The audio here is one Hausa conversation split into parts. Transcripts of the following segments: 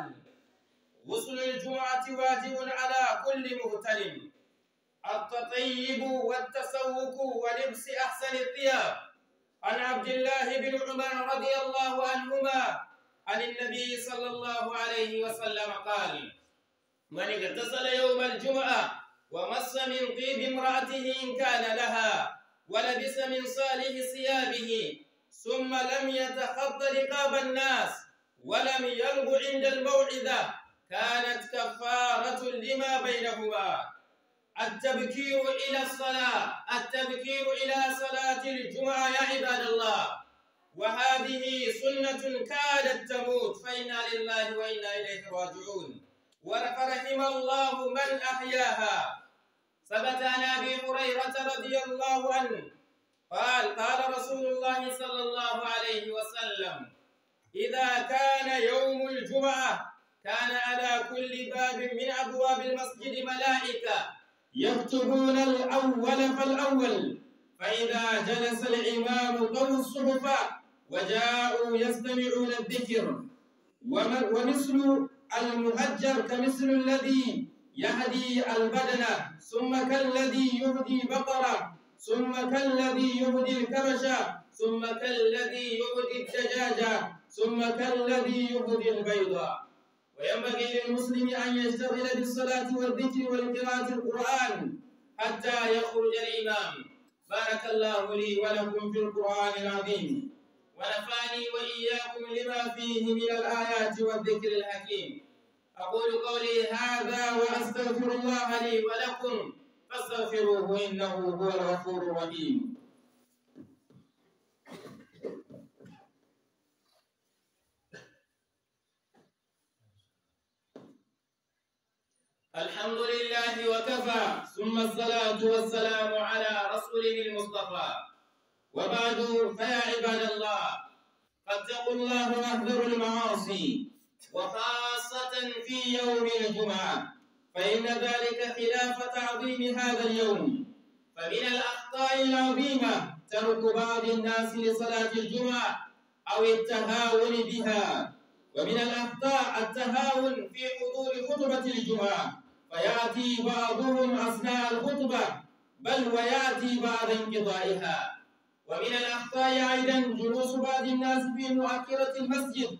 الأول غسل الجمعة واجب على كل مغتنم التطيب والتسوق ولبس أحسن الثياب عن عبد الله بن عمر رضي الله عنهما عن النبي صلى الله عليه وسلم قال من اغتسل يوم الجمعة ومس من طيب امرأته إن كان لها ولبس من صالح ثيابه ثم لم يتخط رقاب الناس ولم يلغ عند الموعظة كانت كفارة لما بينهما التبكير إلى الصلاة التبكير إلى صلاة الجمعة يا عباد الله وهذه سنة كادت تموت فإنا لله وإنا إليه راجعون ورحم الله من أحياها ثبت عن أبي هريرة رضي الله عنه قال قال رسول الله صلى الله عليه وسلم إذا كان يوم الجمعة كان على كل باب من أبواب المسجد ملائكة يكتبون الأول فالأول فإذا جلس الإمام طوى الصحف وجاءوا يستمعون الذكر ومثل المهجر كمثل الذي يهدي البدن ثم كالذي يهدي بقرة ثم كالذي يهدي الكبش ثم كالذي يهدي الدجاجة ثم كالذي يهدي البيض وينبغي للمسلم أن يشتغل بالصلاة والذكر والقراءة القرآن حتى يخرج الإمام بارك الله لي ولكم في القرآن العظيم ونفعني وإياكم لما فيه من الآيات والذكر الحكيم أقول قولي هذا وأستغفر الله لي ولكم فاستغفروه إنه هو الغفور الرحيم الحمد لله وكفى ثم الصلاة والسلام على رسوله المصطفى وبعد فيا عباد الله فاتقوا الله واحذروا المعاصي وخاصة في يوم الجمعة فإن ذلك خلاف تعظيم هذا اليوم فمن الأخطاء العظيمة ترك بعض الناس لصلاة الجمعة أو التهاون بها ومن الأخطاء التهاون في حضور خطبة الجمعة فيأتي بعضهم أثناء الخطبة بل ويأتي بعد انقضائها ومن الأخطاء أيضا جلوس بعض الناس في مؤخرة المسجد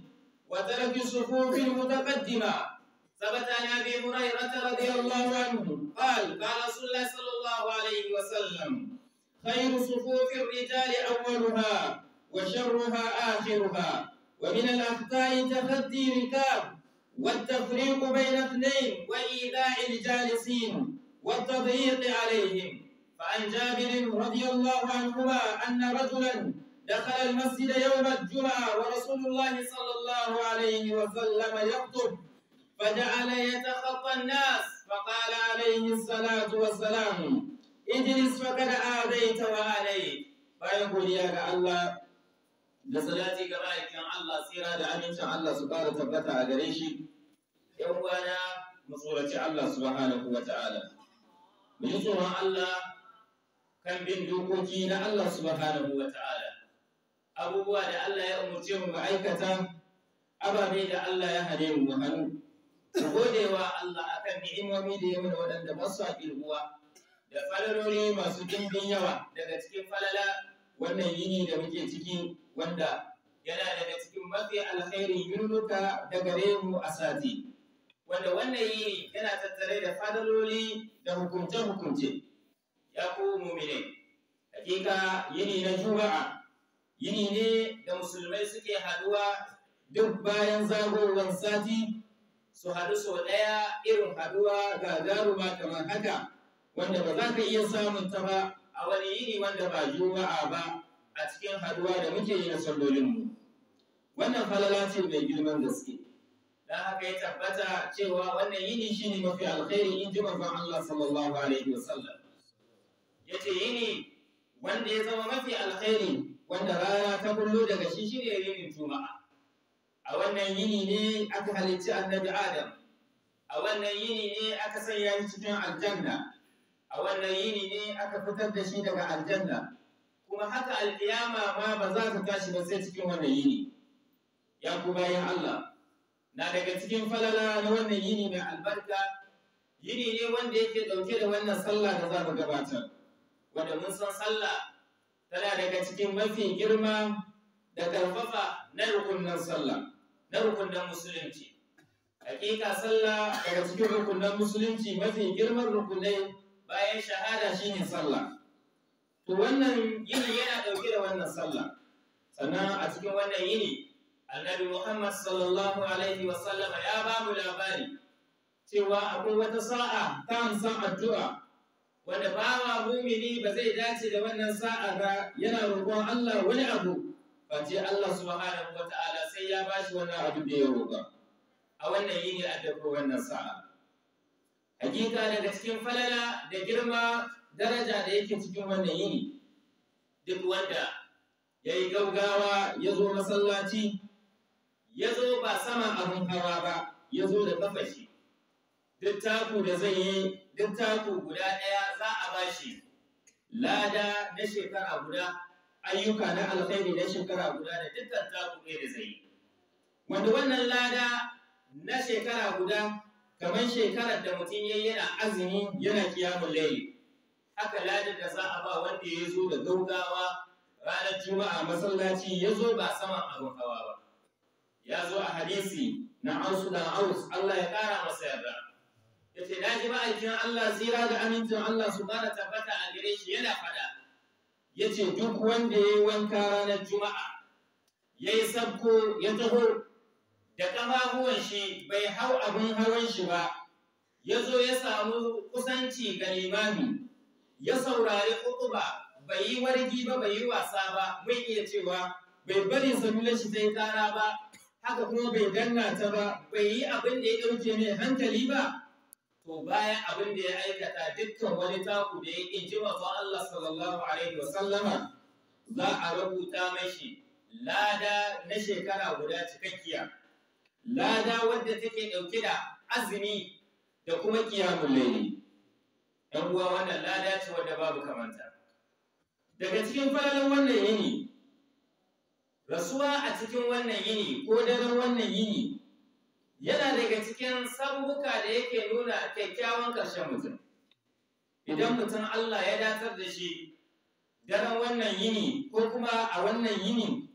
وترك الصفوف المتقدمة ثبت عن أبي هريرة رضي الله عنه قال قال رسول الله صلى الله عليه وسلم خير صفوف الرجال أولها وشرها آخرها ومن الأخطاء تخدي ركاب والتفريق بين اثنين وإيذاء الجالسين والتضييق عليهم فعن جابر رضي الله عنهما أن رجلا دخل المسجد يوم الجمعة ورسول الله صلى الله عليه وسلم يخطب فجعل يتخطى الناس فقال عليه الصلاة والسلام اجلس فقد آذيت وآليت فيقول يا الله da salati ga ma'aikin Allah tsira da amincin Allah su ƙara tabbata a gare shi ‘yan uwana mu tsoraci Allah subhanahu wa ta'ala mu yi tsoron Allah kan bin dokoki na Allah subhanahu wa ta'ala abubuwa da Allah ya umarci mu aikata ababe da Allah ya hare mu hannu mu gode wa Allah akan ni'imomi da ya mana waɗanda ba su da falalori masu dimbin yawa daga cikin falala wannan yini da muke ciki wanda yana daga cikin mafi alkhairin yunuka da gare mu a sati wanda wannan yini yana tattare da fadaloli da hukunce-hukunce ya ku mumine hakika yini na juma'a yini ne da musulmai suke haduwa duk bayan zagowar sati su haɗu sau ɗaya irin haduwa gagaruma kamar haka wanda ba za ka iya samun ta ba a wani yini wanda ba juma'a ba a cikin haduwa da muke yi na sallolinmu wannan falala ce mai girman gaske da haka ya tabbata cewa wannan yini shi ne mafi alkhairi in ji manzon Allah sallallahu alaihi wasallam ce yini wanda ya zama mafi alkhairi wanda rana ta kullu daga shi shine yinin juma'a a wannan yini ne aka halicci annabi adam a wannan yini ne aka sanya shi cikin aljanna a wannan yini ne aka fitar da shi daga aljanna kuma haka alƙiyama ma ba za ta tashi ba sai cikin wannan yini ya ku bayan Allah na daga cikin falala na wannan yini mai albarka yini ne wanda yake ɗauke da wannan sallah da za mu gabatar wanda mun san sallah tana daga cikin mafi girma da ƙarfafa na rukunan sallah na musulunci hakika sallah daga cikin rukunin musulunci mafi girman rukunai bayan shahada shine sallah to wannan yini yana ɗauke da wannan sallah sannan a cikin wannan yini annabi muhammad sallallahu alaihi wasallama ya ba mu labari cewa akwai wata sa'a ta hansan addu'a wanda bawa mumini ba zai dace da wannan sa'a ba yana roƙon allah wani abu face allah subhanahu wa ta'ala sai ya bashi wannan abu da ya roƙa a wannan yini a wannan sa'a hakika daga cikin falala da girma daraja da yake cikin wannan yini duk wanda ya yi gaugawa ya zo masallaci ya zo ba sama abin hawa ba ya zo da kafashi duk taku da zai yi duk taku guda ɗaya za a ba shi lada na shekara guda ayyuka na alkhairi na shekara guda da dukkan taku ɗaya da zai yi wanda wannan lada na shekara guda kamar shekarar da mutum ya yana azumi yana kiyamun laili haka da za a ba wanda ya zo da gaugawa ranar juma'a masallaci ya zo ba sama abin hawa ba ya zo a hadisi na ansu da aus Allah ya kara masa yarda ya ce na ji ma'aikin Allah zira da amincin Allah su kara tabbata a gare shi yana fada ya ce duk wanda ya yi wanka ranar juma'a ya yi sabko ya taho da ƙafafuwan shi bai hau abin hawan shi ba ya zo ya samu kusanci ga limami ya saurari ba, bai yi wargi ba bai yi wasa ba mun iya cewa bai bari sanular shi ta kara ba haka kuma bai danna ta ba bai yi abin da ya ɗauke mai hankali ba to bayan abin da ya aikata dukkan wani taku da ya ƙin jima Allah sallallahu alaihi wa sallama za a rubuta mashi lada na shekara guda cikakkiya lada wadda take ɗauke da azumi da kuma kiyamun laili ɗan uwa wannan lada ce wadda babu kamanta daga cikin falalar wannan yini rasuwa a cikin wannan yini ko daren wannan yini yana daga cikin sabuka da yake nuna kyakkyawan ƙarshen mutum idan mutum Allah ya datar da shi daren wannan yini ko kuma a wannan yini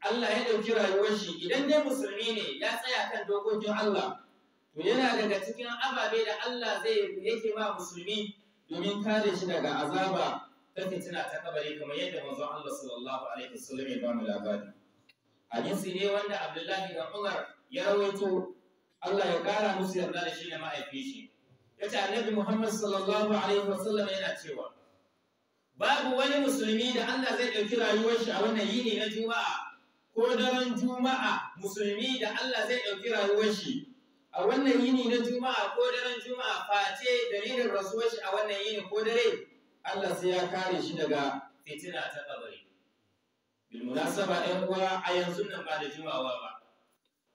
Allah ya ɗauki rayuwar shi idan dai musulmi ne ya tsaya kan dokokin Allah to yana daga cikin ababe da Allah zai yake ba musulmi domin kare shi daga azaba ta fitina ta kabari kamar yadda manzon Allah sallallahu alaihi wasallam ya bamu labari hadisi ne wanda Abdullahi da Umar ya rawaito Allah ya kara musu yarda da shi ne ma'aifi shi yace Annabi Muhammad sallallahu alaihi wasallam yana cewa babu wani musulmi da Allah zai ɗauki rayuwar shi a wannan yini na Juma'a ko daren Juma'a musulmi da Allah zai ɗauki rayuwar shi a wannan yini na juma'a ko daren juma'a face dalilin rasuwar shi a wannan yini ko dare Allah sai ya kare shi daga fitina ta kabari bil munasaba ɗan uwa a yanzu nan ba da juma'a ba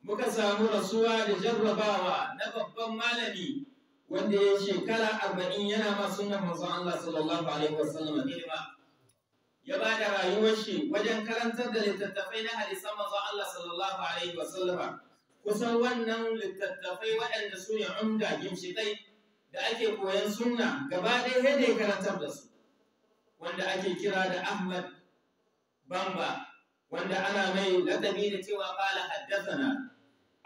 muka samu rasuwa da jarrabawa na babban malami wanda ya shekara arba'in yana ma sunan manzon Allah sallallahu alaihi wasallam hidima ya ba da rayuwar shi wajen karantar da littattafai na hadisan manzon Allah sallallahu alaihi wasallam kusan wannan littattafai waɗanda su ne umda ginshiƙai da ake koyan sunna gaba ɗaya sai da ya karantar da su wanda ake kira da ahmad bamba wanda ana mai ladabi da cewa ƙala haddasana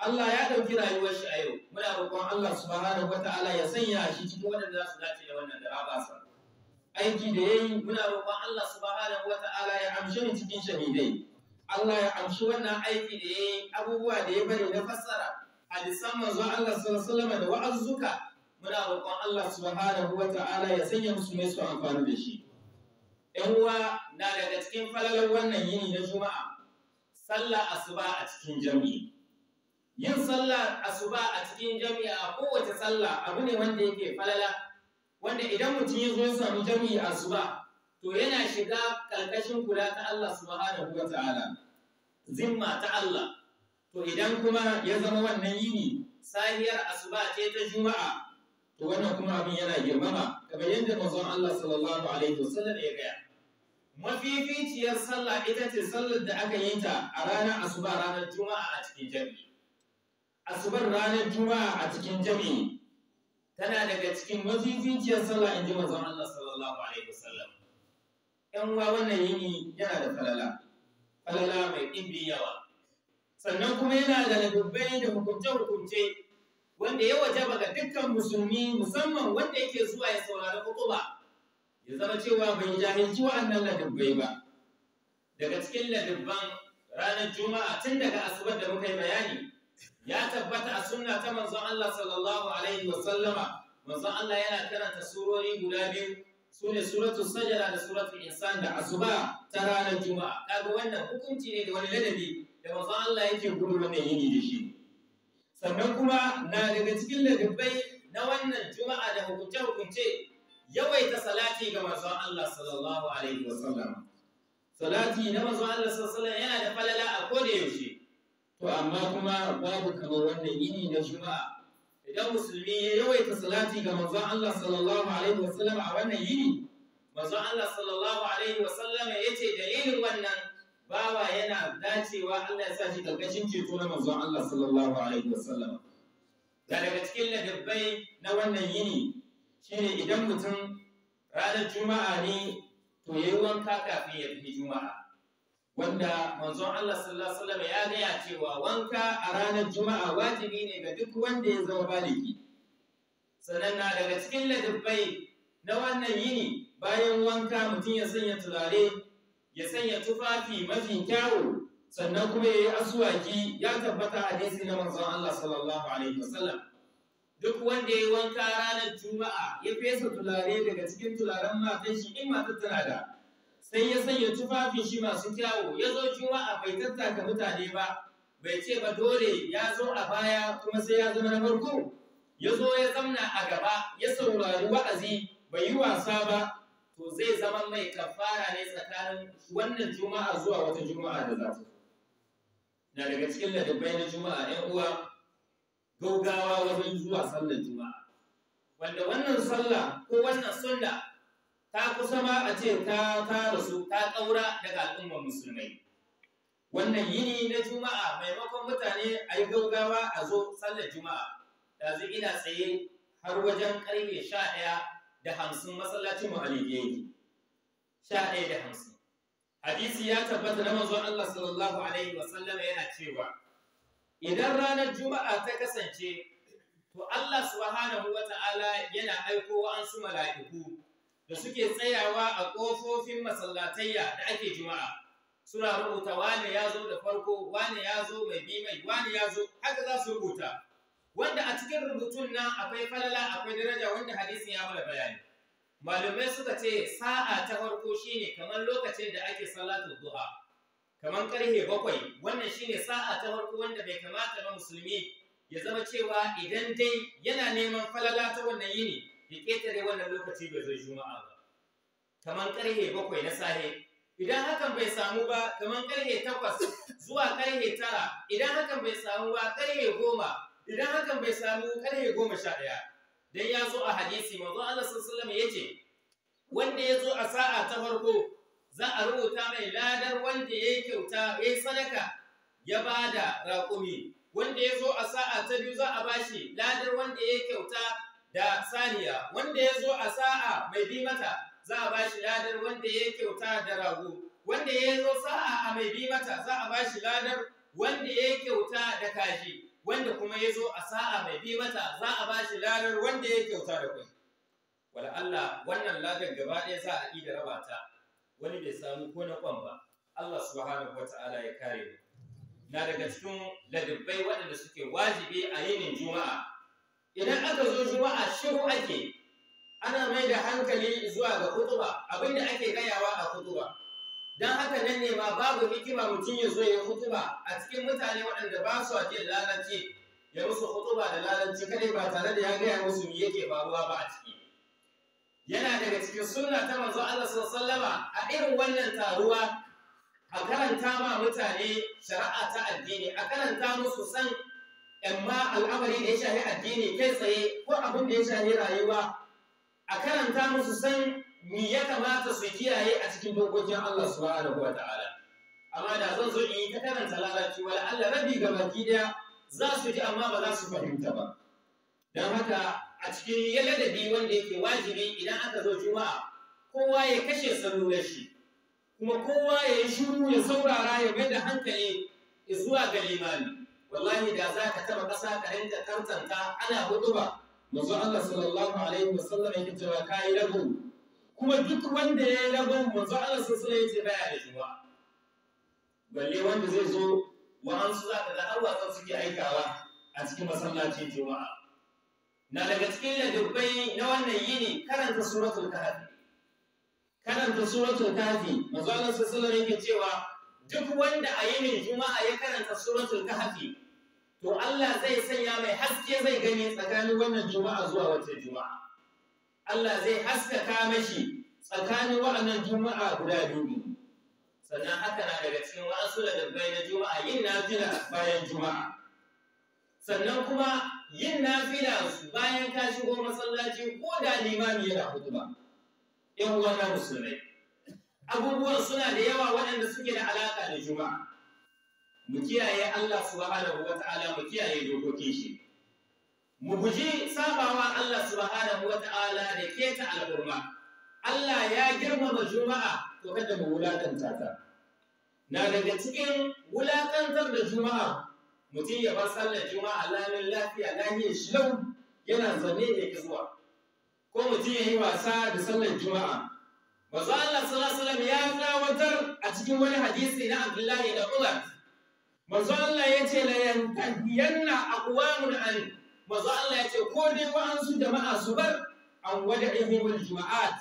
Allah ya ɗauki rayuwar shi a yau muna roƙon Allah subhanahu wata'ala ya sanya shi cikin waɗanda za su dace da wannan da aiki da yayi muna roƙon Allah subhanahu wata'ala ya amshe cikin shahidai Allah ya amshi wannan aiki da ya yi abubuwa da ya bari na fassara hadisan manzo Allah sallallahu alaihi da wa'azzuka muna roƙon Allah Su subhanahu wa ta'ala ya sanya musu mai su amfani da shi Yan uwa na daga cikin falalar wannan yini na juma'a sallah asuba a cikin jami'i yin sallah asuba a cikin jami'i a kowace sallah abu ne wanda yake falala wanda idan mutum ya zo ya samu jami'i asuba to yana shiga ƙarƙashin kula ta Allah subhanahu wa ta'ala zimma ta Allah to idan kuma ya zama wannan yini sahiyar asuba ce ta juma'a to wannan kuma abin yana girmama kamar yadda manzon Allah sallallahu alaihi wasallam ya gaya mafificiyar sallah ita ce sallar da aka yi ta a ranar asuba ranar juma'a a cikin jami'i asubar ranar juma'a a cikin jami'i tana daga cikin mafificiyar sallah in ji manzon Allah sallallahu alaihi wasallam 'yan uwa wannan yini yana da falala falala mai ɗimbin yawa sannan kuma yana da dubbai da hukunce-hukunce wanda ya waje ga dukkan musulmi musamman wanda yake zuwa ya saurari ba. ya zama cewa ban bai jahilci annan ladubbai ba daga cikin ladubban ranar juma'a tun daga asubar da muka yi bayani ya tabbata a sunna ta manzon Allah sallallahu alaihi wa sallama manzon Allah yana karanta surori guda biyu Sune ne suratul da suratun insan da asuba ta ranar juma'a kaga wannan hukunci ne da wani ladabi da mazan Allah yake gudu wannan yini da shi sannan kuma na daga cikin ladabai na wannan juma'a da hukunce hukunce yawaita salati ga mazan Allah sallallahu alaihi wasallam salati na mazan Allah sallallahu alaihi wasallam yana da falala a koda yaushe to amma kuma babu kamar wannan yini na juma'a idan musulmi ya yawaita salati ga manzon Allah sallallahu alaihi wasallam a wannan yini manzon Allah sallallahu alaihi wasallam ya ce dalilin wannan bawa yana dacewa Allah ya sa shi karkashin ceto na manzon Allah sallallahu alaihi wasallam da daga cikin ladabbai na wannan yini shine idan mutum ranar juma'a ne to yayi wanka kafin ya fi juma'a wanda manzon Allah sallallahu alaihi wasallam ya gaya cewa wanka a ranar juma'a wajibi ne ga duk wanda ya zama baliki. sannan na daga cikin ladabbai na wannan yini bayan wanka mutum ya sanya turare ya sanya tufafi mafi kyawu sannan kuma ya yi asuwaki ya tabbata a hadisi na manzon Allah sallallahu alaihi wasallam duk wanda ya wanka ranar juma'a ya fesa tulare daga cikin tularen matan shi in matan tana da sai ya sanya tufafin shi masu kyawu ya zo juma'a bai tattaka mutane ba bai ce ba dole ya zo a baya kuma sai ya zama na farko ya zo ya zamna a gaba ya saurari wa'azi bai yi wasa ba to zai zama mai kafara ne tsakanin wannan juma'a zuwa wata juma'a da za ta na daga cikin ladabai na juma'a ɗan uwa gaugawa wajen zuwa sallar juma'a wanda wannan sallah ko wannan sallah ta kusa ma a ce ta fara su ta ƙaura daga al'ummar musulmai wannan yini na juma'a maimakon mutane a yi gaugawa a zo sallar juma'a zai ina tsaye har wajen ƙarfe sha ɗaya da hamsin masallacin muhalli sha ɗaya da hamsin hadisi ya tabbata na manzon Allah sallallahu alaihi wasallam yana cewa idan ranar juma'a ta kasance to Allah subhanahu ala yana aiko wa an su mala'iku da suke tsayawa a ƙofofin masallatayya da ake juma'a suna rubuta wane ya zo da farko wane ya zo mai bimai, Wani wane ya zo haka za su rubuta wanda a cikin rubutun nan akwai falala akwai daraja wanda hadisin ya mana bayani malumai suka ce sa'a ta farko shine kamar lokacin da ake salatul duha kamar karhe bakwai wannan shine sa'a ta farko wanda bai kamata ba musulmi ya zama cewa idan dai yana neman falala ta wannan yini ya ƙetare wannan lokaci bai zo juma'a ba kamar ƙarhe bakwai na sahe idan hakan bai samu ba kamar ƙarhe takwas zuwa ƙarhe tara idan hakan bai samu ba ƙarhe goma idan hakan bai samu ƙarhe goma sha ɗaya Don ya zo a hadisi manzo Allah sallallahu ya ce wanda ya zo a sa'a ta farko za a rubuta mai ladar wanda ya yi kyauta ya yi sadaka ya ba da raƙumi wanda ya zo a sa'a ta biyu za a bashi ladar wanda ya yi kyauta da saniya wanda ya zo a sa'a mai bi mata za a bashi ladar wanda ya kyauta da rago wanda ya zo sa'a a mai bi mata za a bashi ladar wanda ya kyauta da kaji wanda kuma ya zo a sa'a mai bi mata za a bashi ladar wanda ya kyauta da kwai wala Allah wannan ladar gaba ɗaya za a da raba ta wani bai samu ko na kwan ba Allah subhanahu wata'ala ya kare mu na daga cikin ladabbai waɗanda suke wajibi a yinin juma'a idan aka zo juma'a shiru ake ana mai da hankali zuwa ga kutuba abinda ake gayawa a kutuba don haka nan ne ma babu hikima mutum ya zo ya kutuba a cikin mutane waɗanda ba su ake lalace ya musu kutuba da lalace kadai ba tare da ya gaya musu me yake faruwa ba a ciki yana daga cikin suna ta manzo Allah sallama a irin wannan taruwa a karanta ma mutane shari'a ta addini a karanta musu san amma al'amari da ya shafi addini kai tsaye ko abin da ya shafi rayuwa a karanta musu san me ya kamata su kiyaye a cikin dokokin Allah subhanahu wataala amma da zan zo in yi ta karanta lalaci wala Allah rabi ga baki daya za su ji amma ba za su fahimta ba don haka a cikin yaladabi wanda yake wajibi idan aka zo juma'a kowa ya kashe na shi kuma kowa ya yi shiru ya saurara ya bai da hankali zuwa ga limami wallahi da za ka taba ƙasa ka rinka tantanta ana hutuba manzo Allah sallallahu alaihi wasallam yake cewa kai rabu kuma duk wanda ya yi rabu manzo Allah sallallahu alaihi wasallam baya da juma'a balle wanda zai zo wa'ansu za ka ga har wasan suke aikawa a cikin masallacin juma'a na daga cikin ladabbai na wannan yini karanta suratul kahfi karanta suratul kahfi manzo Allah sallallahu alaihi wasallam yake cewa duk wanda a yinin juma'a ya karanta suratul kahfi to Allah zai sanya mai haske zai gani tsakanin wannan juma'a zuwa wata juma'a Allah zai haskaka mashi tsakanin wa'annan juma'a guda biyu sannan haka na daga cikin wa'ansu da dabbai na juma'a yin nafila bayan juma'a sannan kuma yin nafila bayan ka shigo masallaci ko da limami yana hutuba yan uwan musulmai abubuwan suna da yawa waɗanda suke da alaƙa da juma'a mu kiyaye Allah subhanahu ta’ala mu kiyaye dokokin shi mu guji sabawa Allah subhanahu ta’ala da keta al'umma Allah ya girmama juma'a to kada mu wulatanta ta na daga cikin wulatantar da juma'a mutum ya bar sallar juma'a lalin lafiya lahiyar shi lau yana zanne ne ka zuwa ko mutum ya yi wasa da sallar juma'a Masu Allah sallallahu alaihi ya tsawatar a cikin wani hadisi na Abdullahi da Umar manzo Allah ya ce la yantahiyanna aqwamun an manzo Allah ya ce ko dai su jama'a su bar an wada'ihim juma'at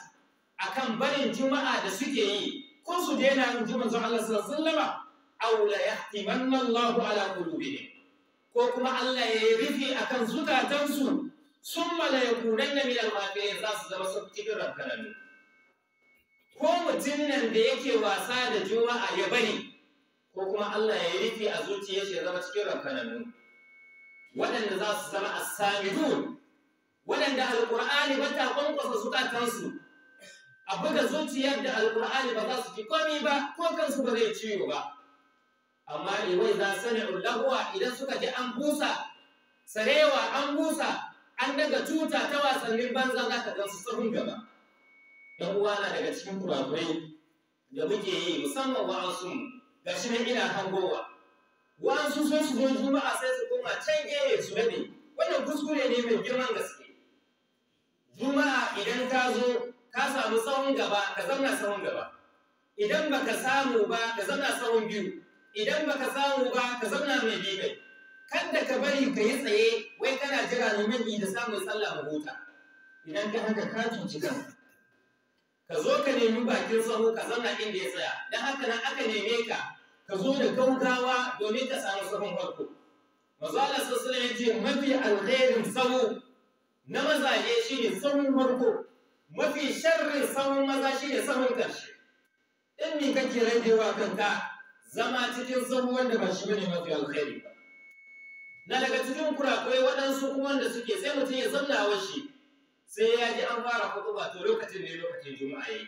akan barin juma'a da suke yi ko su daina in ji manzo Allah sallallahu alaihi wasallam aw la yahtimanna Allah ala qulubihim ko kuma Allah ya rufe akan zukatansu summa la yakunanna min al za su zama sun cikin rabbana ko mutum nan da yake wasa da juma'a ya bari ko kuma Allah ya rufe a zuciyar shi ya zama cikin rankananu waɗanda za su zama as waɗanda Alƙur'ani ba ta kwankwasa zukatansu a buga zuciyar da Alƙur'ani ba za su ji ƙwami ba ko kansu ba zai ciwo ba amma iwai za sami'u lahwa idan suka ji an busa sarewa an busa an daga tuta ta wasannin banza za ka gansu sahun gaba yan uwa na daga cikin kurakurai da muke yi musamman wa'ansu mu ga shi nan ina hangowa wa'ansu sun su zo juma'a sai su koma can gefe su rabe wannan kuskure ne mai girman gaske juma'a idan ka zo ka samu tsawon gaba ka zauna tsawon gaba idan baka samu ba ka zauna tsawon biyu idan baka samu ba ka zauna mai biyu kada ka bari ka yi tsaye wai kana jira neman da samun sallah mu huta idan ka haka ka cuci kanka ka zo ka nemi bakin sahu ka zauna inda ya tsaya don haka na aka neme ka ka zo da gaugawa domin ka samu sahun farko mazala sassana ya ce mafi alherin sahu na mazaje ne sahun farko mafi sharrin sahun maza shi ne sahun karshe in me kake rabewa kanka zama cikin sahu wanda ba shi bane mafi alheri. ba na daga cikin kurakwai waɗansu kuma wanda suke sai mutum ya zanna wa shi sai ya ji an fara kutuba to lokacin ne lokacin juma'a yayi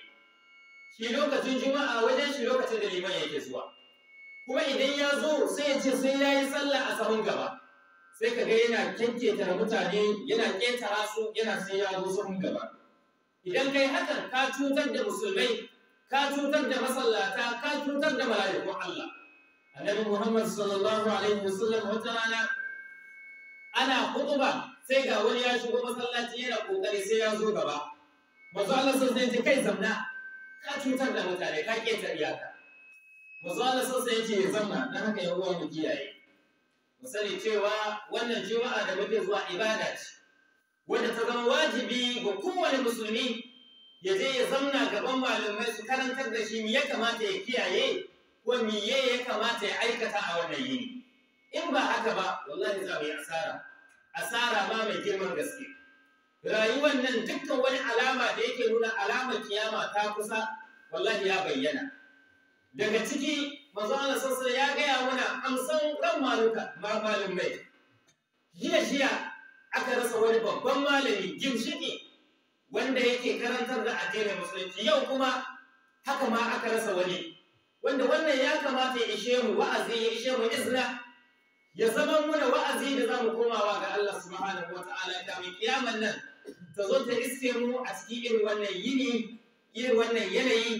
shi lokacin juma'a wajen shi lokacin da liman yake zuwa kuma idan ya zo sai ya ce sai ya yi sallah a sahun gaba sai ka ga yana da mutane yana ƙetara su yana sai ya zo sahun gaba idan kai hakan ka cutar da musulmai ka cutar da masallata ka cutar da mala'ikun Allah annabi Muhammad sallallahu alaihi wasallam wata rana ana hutuba sai ga wani ya shigo masallaci yana kokari sai ya zo gaba mazo Allah sun sai ce kai zamna ka cutar da mutane ka tariya ka mazo Allah sun sai ce zamna dan haka ya uwa mu kiyaye mu sani cewa wannan juma'a da muke zuwa ibada ce wanda ta zama wajibi ga kowane musulmi ya je ya zamna gaban malamai su karantar da shi ya kamata ya kiyaye ko miye ya kamata ya aikata a wannan yini in ba haka ba wallahi za mu yi asara asara ma mai girman gaske rayuwar nan dukkan wani alama da yake nuna alamar kiyama ta kusa wallahi ya bayyana daga ciki manzo Allah sassa ya gaya mana amsan ran maluka ma mai jiya jiya aka rasa wani babban malami gimshiki wanda yake karantar da addinin musulunci yau kuma haka ma aka rasa wani wanda wannan ya kamata ya ishe mu wa'azi ya ishe mu izina ya zama muna wa'azi da za mu komawa ga Allah subhanahu wata'ala da mai kiyaman nan ta zo ta iske mu a cikin irin wannan yini irin wannan yanayi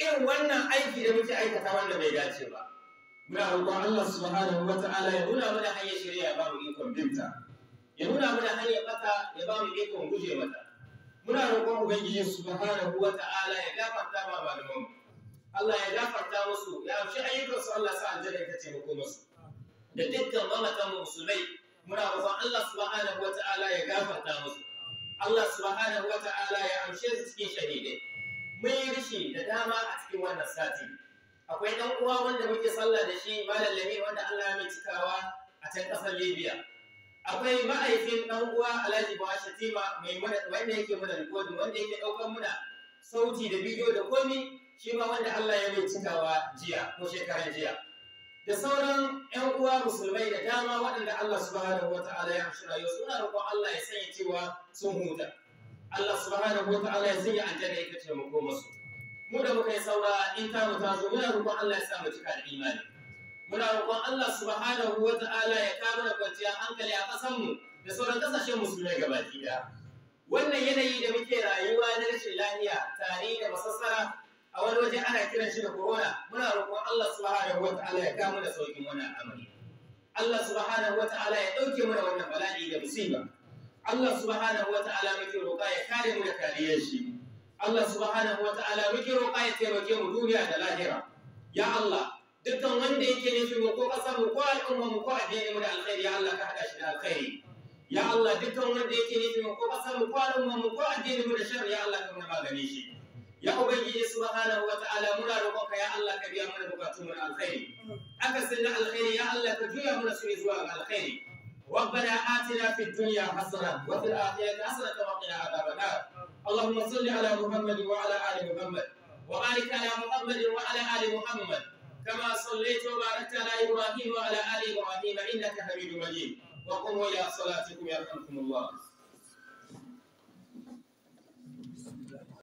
irin wannan aiki da muke aikata wanda bai dace ba muna roƙon Allah subhanahu wata'ala ya nuna mana hanyar shari'a ya ba mu ikon binta ya nuna mana hanyar bata ya ba mu ikon guje mata muna roƙon ubangiji subhanahu wata'ala ya gafarta ba malamanmu Allah ya gafarta musu ya amshi ayyukansu Allah sa aljanna ta taimako musu da dukkan mamatan mu musulmai muna roƙon Allah subhanahu wata'ala ya gafarta musu Allah subhanahu wata'ala ya amshe su cikin shahide mun yi rishi da dama a cikin wannan sati akwai ɗan uwa wanda muke sallah da shi malam lami wanda Allah ya mai cikawa a can ƙasar Libya akwai ma'aikin ɗan uwa Alhaji Bashatima mai mana wanda yake mana rikodin wanda yake ɗaukar muna sauti da bidiyo da komi shi ma wanda Allah ya mai cikawa jiya ko shekaran jiya da sauran ‘yan uwa musulmai da dama waɗanda Allah subhanahu wa ta'ala ya amshi rayuwa suna roƙon Allah ya sanya cewa sun huta. Allah subhanahu wa ta'ala ya sanya aljanna ita ce mako masu. Mu da muka yi saura in ta mutu zo muna roƙon Allah ya sa mu cika da imani. Muna roƙon Allah subhanahu wa ta'ala ya kawo da kwanciyar hankali a ƙasanmu da sauran ƙasashen musulmai gaba ɗaya. Wannan yanayi da muke rayuwa na rashin lafiya tare da masassara a wani waje ana kiran shi da corona muna roƙon Allah subhanahu wata'ala ya kawo da sauƙin wannan al'amari Allah subhanahu wata'ala ya ɗauke mana wannan bala'i da musiba Allah subhanahu wata'ala muke roƙa ya kare mu da kariyar shi Allah subhanahu wata'ala muke roƙa ya taimake mu duniya da lahira ya Allah dukkan wanda yake nufin mu ko ƙasar mu ko al'umma mu ko addini mu da alkhairi ya Allah ka haɗa shi da alkhairi ya Allah dukkan wanda yake nufin mu ko ƙasar mu ko al'umma mu ko addini mu da shari'a, ya Allah ka mana magani shi ya ubangiji subhanahu wataala muna roƙonka ya Allah ka biya mana bukatun mu alkhairi akasin na alkhairi ya Allah ka juya mana su zuwa ga alkhairi ربنا آتنا في الدنيا حسنة وفي الآخرة حسنة وقنا عذاب النار اللهم صل على محمد وعلى آل محمد وبارك على محمد وعلى آل محمد كما صليت وباركت على إبراهيم وعلى آل إبراهيم إنك حميد مجيد وقوموا إلى صلاتكم يرحمكم الله